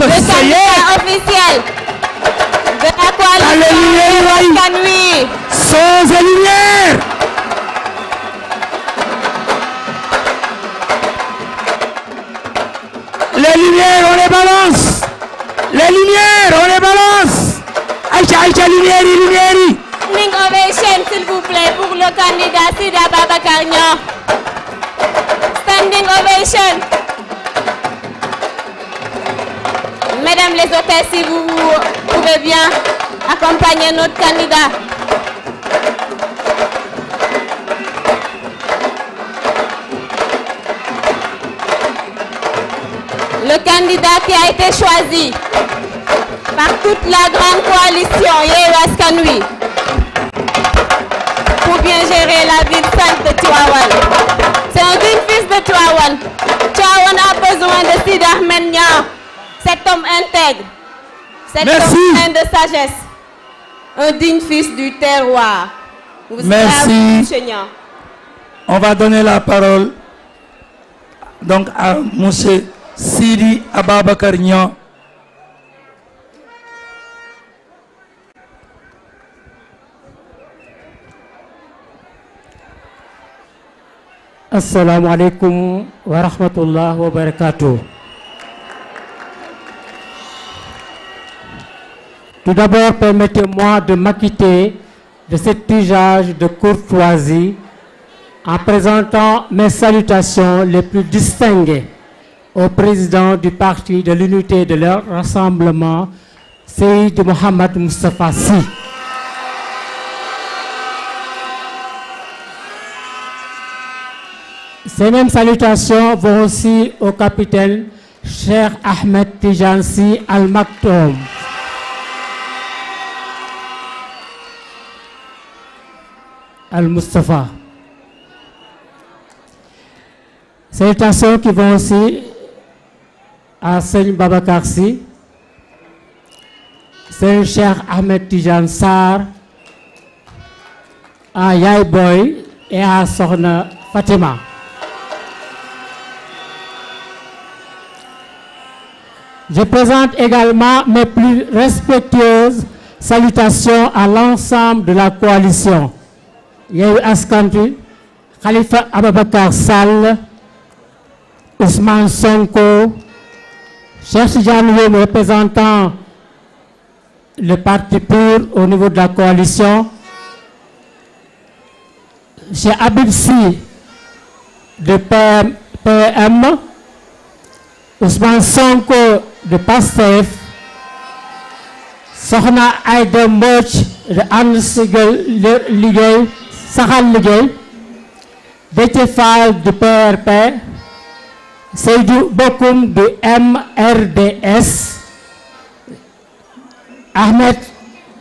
officiel de la coalition Askan Wi sans lumière les lumières on les balance les lumières on les balance Aïcha Aïcha lumière yi lumière yi Standing ovation s'il vous plaît pour le candidat Sida Babacar Niang Standing ovation Mesdames les si vous, vous pouvez bien accompagner notre Le candidat qui a été choisi par toute la grande coalition Yewwi Askan Wi pour bien gérer la ville de Tivaouane. C'est un digne fils de Tivaouane. Tivaouane a besoin de Sidi Ahmed Niang. Cet homme intègre, cet homme plein de sagesse, un digne fils du terroir. On va donner la parole donc à monsieur Sidi Ababakar Niang. asalaamaaleykum wa rahmatullah wa barakaatu. Tout d'abord, permettez-moi de m'acquitter de cet usage de courtoisie en présentant mes salutations les plus distinguées au président du parti de l'unité de leur rassemblement, Seyd Mohamed Moustapha Sy. Ces mêmes salutations vont aussi au capitaine Cheikh Ahmed Tijan Sy Al Maktoum. al Mustafa. Salutations qui vont aussi à Seigne Babacar Sy, Seigne Cheikh Ahmed Tidiane Sarr, à Yaay et à Sokhna Fatima. Je présente également mes plus respectueuses salutations à l'ensemble de la coalition. Yewwi Askan Wi Khalifa Ababacar Sall Ousmane Sonko Cheikh Tidiane représentant le parti PUR au niveau de la coalition Cheikh Habib de PM, PM Sonko de PASTEF Sokhna Aïda Mbodj de And Siggil Liggéey saxal liggéey Déthié Fall du PRP Seydou Bokoum du MRDS Ahmed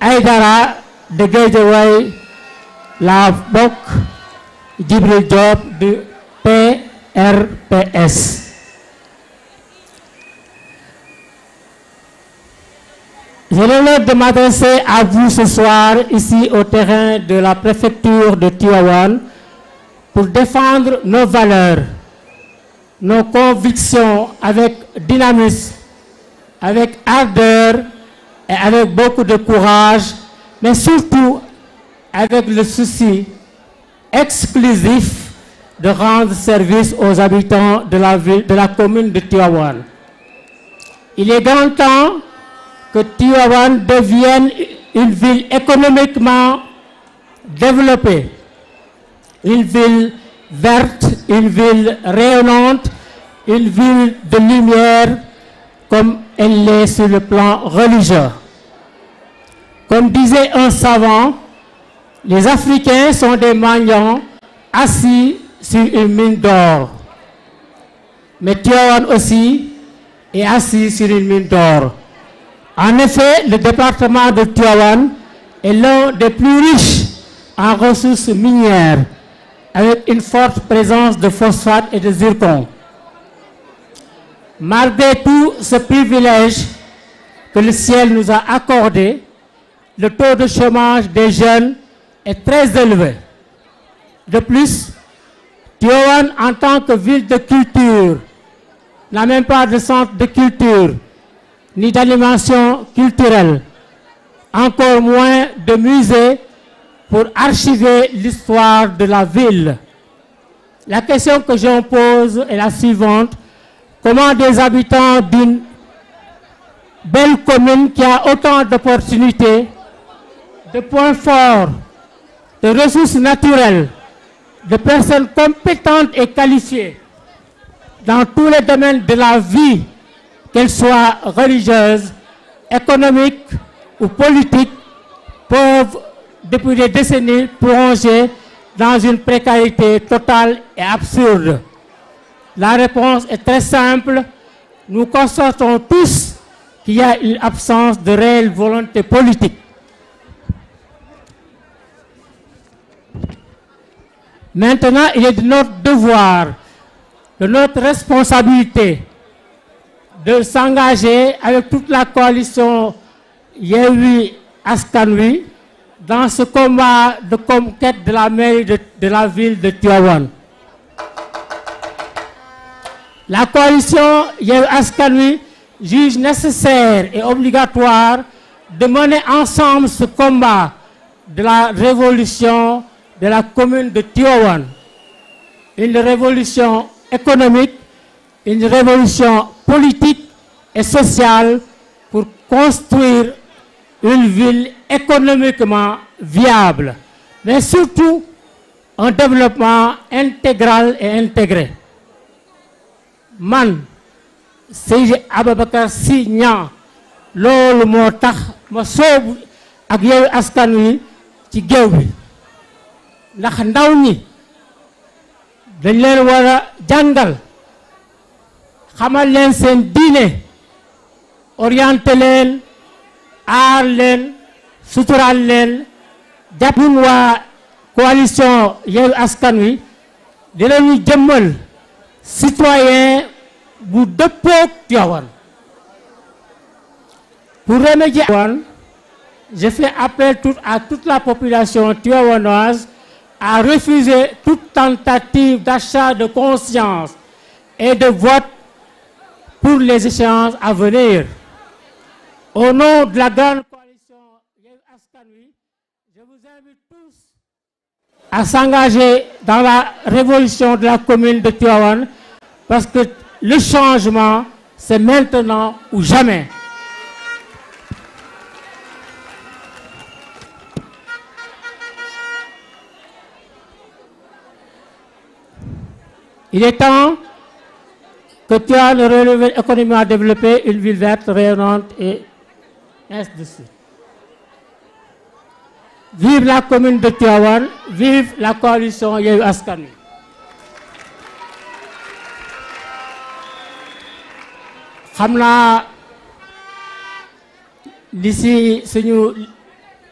Aydara de Guédiawaye la bokk Djibril Diop du PRPS J'ai l'honneur de m'adresser à vous ce soir ici au terrain de la préfecture de Tivaouane pour défendre nos valeurs, nos convictions avec dynamisme, avec ardeur et avec beaucoup de courage, mais surtout avec le souci exclusif de rendre service aux habitants de la ville, de la commune de Tivaouane. Il est dans temps que Tivaouane devienne une ville économiquement développée, une ville verte, une ville rayonnante, une ville de lumière comme elle l'est sur le plan religieux. Comme disait un savant, les Africains sont des magnons assis sur une mine d'or. Mais Tivaouane aussi est assis sur une mine d'or. En effet, le département de Tivaouane est l'un des plus riches en ressources minières, avec une forte présence de phosphate et de zircon. Malgré tout ce privilège que le ciel nous a accordé, le taux de chômage des jeunes est très élevé. De plus, Tivaouane, en tant que ville de culture, n'a même pas de centre de culture ni d'animation culturelle, encore moins de musée pour archiver l'histoire de la ville. La question que je pose est la suivante. Comment des habitants d'une belle commune qui a autant d'opportunités, de points forts, de ressources naturelles, de personnes compétentes et qualifiées dans tous les domaines de la vie qu'elles soient religieuses, économiques ou politiques, peuvent depuis des décennies plonger dans une précarité totale et absurde. La réponse est très simple. Nous constatons tous qu'il y a une absence de réelle volonté politique. Maintenant, il est de notre devoir, de notre responsabilité de s'engager avec toute la coalition Yewwi Askan dans ce combat de conquête de la mairie de, la ville de Tivaouane. La coalition Yewwi Askan Wi juge nécessaire et obligatoire de mener ensemble ce combat de la révolution de la commune de Tivaouane. Une révolution économique, une révolution politique et sociale pour construire une ville économiquement viable, mais surtout un développement intégral et intégré. man Seydi Ababacar Sy Niang loolu moo tax ma soobu ak yow askan wi ci géew bi ndax ndaw ñi dañ leen war a jàngal xamal leen seen diine orienté leen aar leen sutural leen jàpp ñun waa coalition Yewwi Askan Wi dinañu jëmmal citoyen bu dëppoog Tiwaawan pour remédier Tiwaawan je fais appel tout à toute la population tivaouanoise à refuser toute tentative d'achat de conscience et de vote pour les échéances à venir. Au nom de la grande coalition Yewwi Askan Wi, je vous invite tous à s'engager dans la révolution de la commune de Tivaouane parce que le changement, c'est maintenant ou jamais. Il est temps que Tivaouane relève économiquement développée, une ville verte, rayonnante et ainsi de suite. Vive la commune de Tivaouane, vive la coalition Yewwi Askan Wi. xam naa li si suñu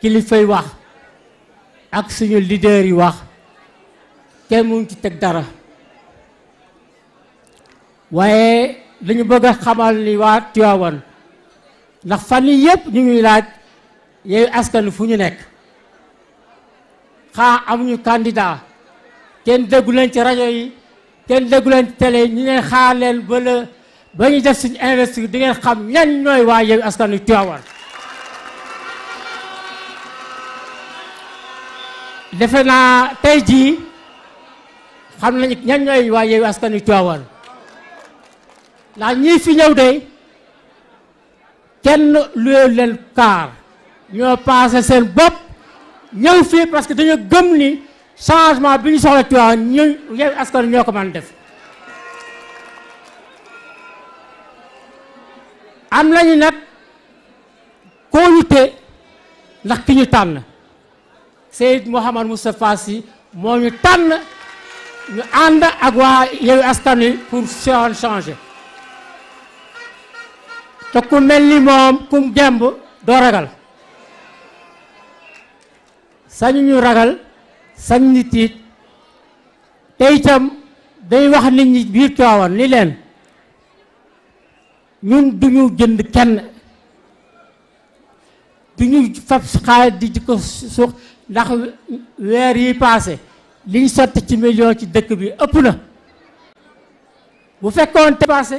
kilifay wax ak suñu leader yi wax kenn mënu ci teg dara. waaye dañu bëgg xamal ni waa Tiwaawan ndax fan yi yëpp ñu ngi laaj yooyu askan fu ñu nekk xaa amuñu candidat kenn déggu leen ci rajo yi kenn déggu leen ci télé yi ñu ngeen xaar leen ba la ba ñu def suñu investiture di ngeen xam ñan ñooy waa yooyu askan wi Tiwaawan defe naa tey jii xam nañu ñan ñooy waa yooyu askan wi Tiwaawan ndax ñii fi ñëw de kenn luyeelu leen kaar ñoo paase seen bopp ñëw fii parce que dañoo gëm ni changement bi ñu soxla Tivaouane ñu yow askan ñoo ko mën def am nañu nag kóolute ndax ki ñu tànn Seyd Mouhamad Moustapha Sy moo ñu tànn ñu ànd ak waa yow askan wi pour Tivaouane changer te ku mel ni moom kum gemb doo ragal sañu ñu ragal sañ ni tiit te itam day wax nit ñi biir Tiwaawan ni leen ñun duñu jënd kenn duñu fab xaalis di di ko suux ndax weer yi paase liñ sotti ci million ci dëkk bi ëpp na bu fekkoon te paase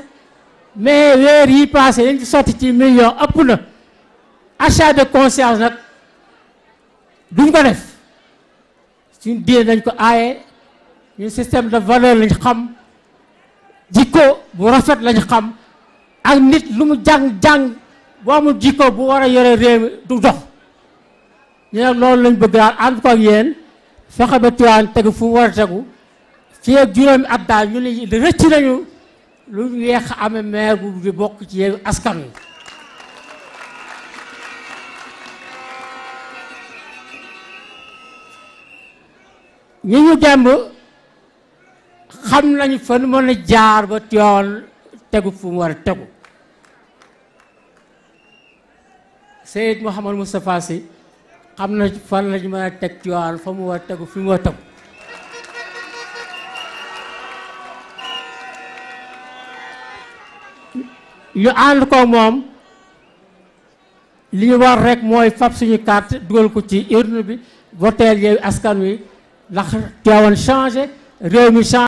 mais weer yi passé liñ ci sotti ci million ëpp na achat de conscience nag duñ ko def suñ diine dañ ko aaye ñun système de valeur lañ xam jikko bu rafet lañ xam ak nit lu mu jàng-jàng boo amul jikko bu war a yore réew du dox ñu nag loolu lañ bëgg daal ànd ko ak yéen fexe ba Tiwaawan tegu fu mu war a tegu fii ak juróomi at daal ñu ne rëcc nañu lu ñu yeex amee maire bu bokk ci yeewu askan wi ñi ñu demb xam nañu fan mën jaar ba Tivaouane tegu fu mu war a tegu Seyd Mouhamadou Moustapha Sy xam na fan lañu mën a teg Tivaouane fa mu war a tegu fi mu war tegu yu ànd ko moom li ñu war rek mooy fab suñu carte dugal ko ci urne bi voteel yeewu askan wi ndax Tiwaawan changé réew mi changé